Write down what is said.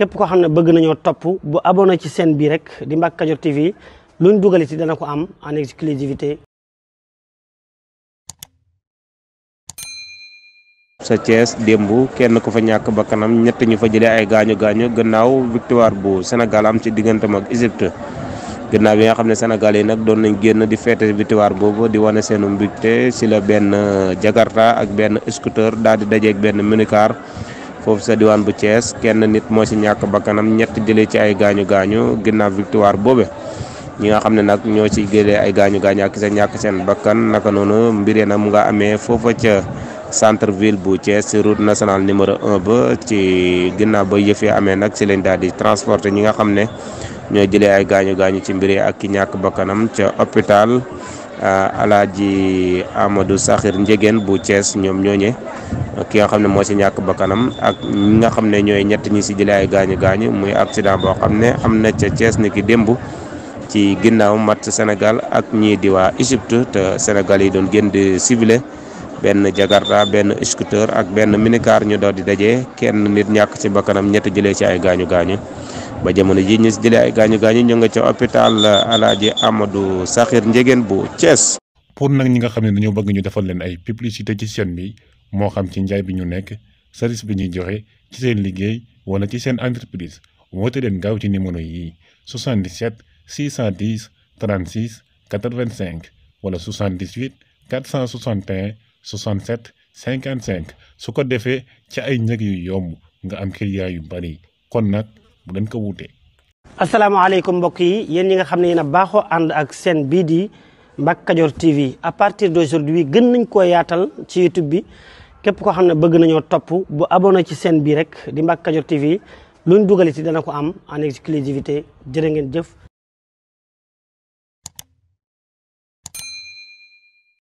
képp koo xam ne bëgg nañoo topp bu abonné ci seen bi rek di Mbacke Kadior TV luñ dugal ci dana ko am en exclusivité sa Thiès démb kenn ku fa ñàkk bakkanam ñett ñu fa jëlee ay gaañu gaañu gannaaw victoire bu Sénégal am ci digganteem ak Égypte gannaaw bi nga xam ne senegal yi nag doon nañ génn di fête victoire boobu di wane seenu mbégte ci la benn Jakarta ak benn scooter daal di dajeeg benn minicar foofu sa diwaan bu Thiès kenn nit moo ci ñàkk bakkanam ñett jëlee ci ay gaañu gaañu ginnaaw victoire boobe ñi nga xam ne nag ñoo ci jëlee ay gaañu gaañu ak sa ñàkk seen bakkan naka noonu mbiree na mu nga amee foofa ca centre ville bu Thiès ci route nationale numéro 1 ba ci ginnaaw ba yëf yi amee nag ci lañ daal di transporté ñi nga xam ne ñoo jëlee ay gaañu gaañu ci mbiree ak ki ñàkk bakkanam ca hôpital. Euh, alaaji Amadou Sakhir njegeen bu cees ñoom ñooñe ki nga xam ne moo ci ñàkk bakkanam ak ñi nga xam ne ñooy ñett ñi ci jëlee ay gaañu gaañu muy accident boo xam ne am na ca Thiès ni ki démb ci ginnaaw match Sénégal ak ñii di waa Égypte te Sénégal yi doon génn di ciblé benn jakarta benn scooter ak benn minicar ñu doon di daje kenn nit ñàkk ci bakkanam ñett jëlee ci ay gaañu gaañu. ba jamono ji ñu si jëlee ay gaañu gaañu ñu nga ca hôpital euh, Alaaji Amadou Sakhir Ndiéguène bu cees pour nag ñi nga xam ne dañoo bëgg ñu defal leen ay publicité ci seen bi moo xam ci njaay bi ñu nekk service bi ñuy joxe ci seen liggéey wala ci seen entreprise woote leen gaaw ci numéro yi 77 610 36 85 wala 78 461 67 55 su ko defee ci ay njëg yu yomb nga am client yu bari kon nag. dañ leen ko wuutee. asalaamaaleykum mbokk yi yéen ñi nga xam ne yéen a baaxoo ànd ak seen bii di Mbacke Kadior TV à partir d'aujourd'hui gën nañ ko yaatal ci YouTube bi képp koo xam ne bëgg nañoo topp bu abonné ci seen bii rek di Mbacke Kadior TV luñ dugaliti dana ko am en exclusivité jërë ngeen jëf.